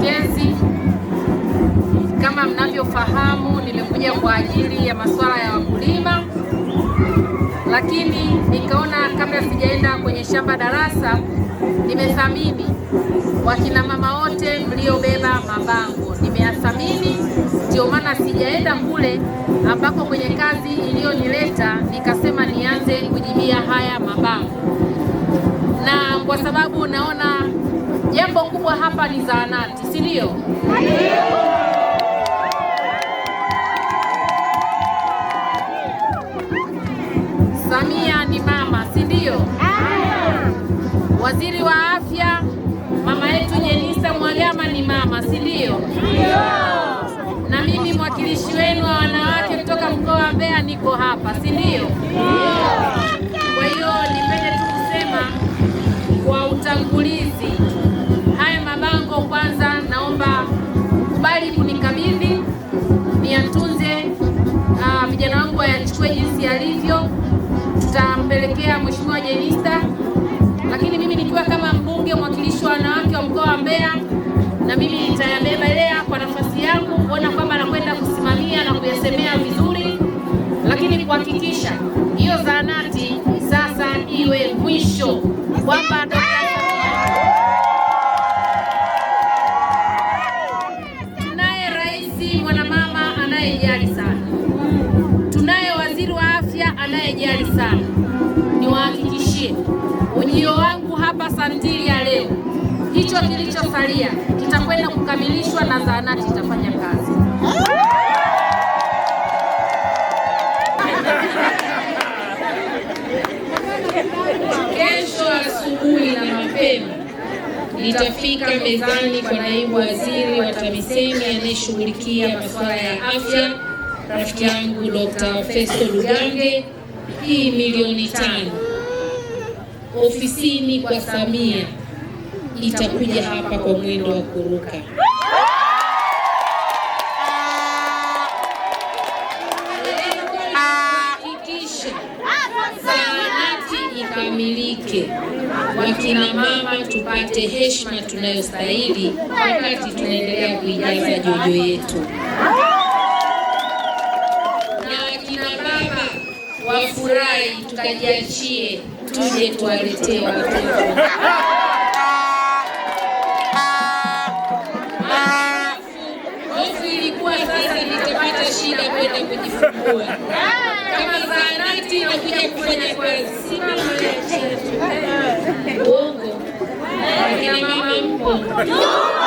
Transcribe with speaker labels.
Speaker 1: mkurugenzi, kama mnavyofahamu, nimekuja kwa ajili ya masuala ya wakulima, lakini nikaona kabla sijaenda kwenye shamba darasa, nimethamini wakina mama wote mliobeba mabango, nimeathamini Ndio maana sijaenda kule ambako kwenye kazi iliyonileta nikasema nianze kujibia haya mabango, na kwa sababu naona Jambo kubwa hapa ni zahanati, si ndio? Samia ni mama, si ndio? Waziri wa afya mama yetu Jenista mwagama ni mama, si ndio? Na mimi mwakilishi wenu wa wanawake kutoka mkoa wa Mbeya niko hapa, si ndio? Mbeya, na mimi nitayabebelea kwa nafasi yangu kuona kwamba nakwenda kusimamia na kuyasemea vizuri, lakini kuhakikisha hiyo zahanati sasa iwe mwisho kwamba tunaye rais mwanamama anayejali sana, tunaye waziri wa afya anayejali sana. Niwahakikishie ujio wangu hapa Santili ya leo kidogo kilichosalia kitakwenda kukamilishwa na zahanati itafanya kazi. Kesho asubuhi na mapema nitafika mezani kwa naibu waziri wa TAMISEMI anayeshughulikia masuala ya afya, rafiki yangu Dr. Festo Lugange, hii milioni tano ofisini kwa Samia itakuja hapa kwa mwendo wa kuruka. Hakikisha ikamilike, wakina mama tupate heshima tunayostahili wakati tunaendelea kuijaza jojo yetu na Wafurahi, tukajiachie tuje tuwaletee watoto. hizi nitapata shida kwenda kujifungua. Kama zahanati inakuja kufanya kazi, si mama ya Uongo. Akina mama
Speaker 2: mpo